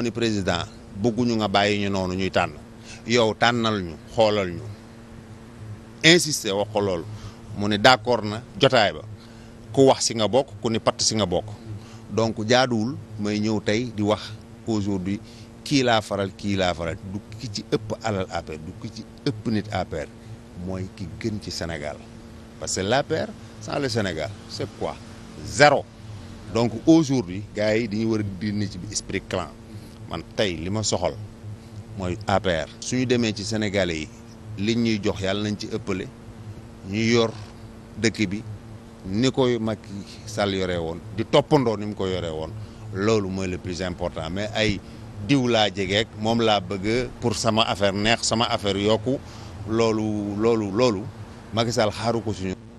yooni président bëgguñu nga bàyyi ñu noonu ñuy tànn yow tànnal ñu xoolal ñu insister wax ko loolu mu ne d'accord na jotaay ba ku wax si nga bokk ku ni patt si nga bokk donc jaaduwul may ñëw tey di wax aujourd'hui kii laa faral kii laa faral du ki ci ëpp alal APR du ki ci ëpp nit APR mooy ki gën ci Sénégal parce que l'APR sans le Sénégal c'est quoi zéro donc aujourd'hui gars yi dañuy war a dindi bi esprit clan man tey li ma soxal mooy APR. suñu demee ci Sénégalais yi li ñuy jox yàlla nañ ci ëppale ñu yor dëkk bi ni koy Macky Sall woon di toppandoo ni mu ko yoree woon loolu mooy le plus important mais ay diw laa jegeek moom laa bëgg pour sama affaire neex sama affaire yokku loolu loolu loolu Macky Sall xaaru ko suñu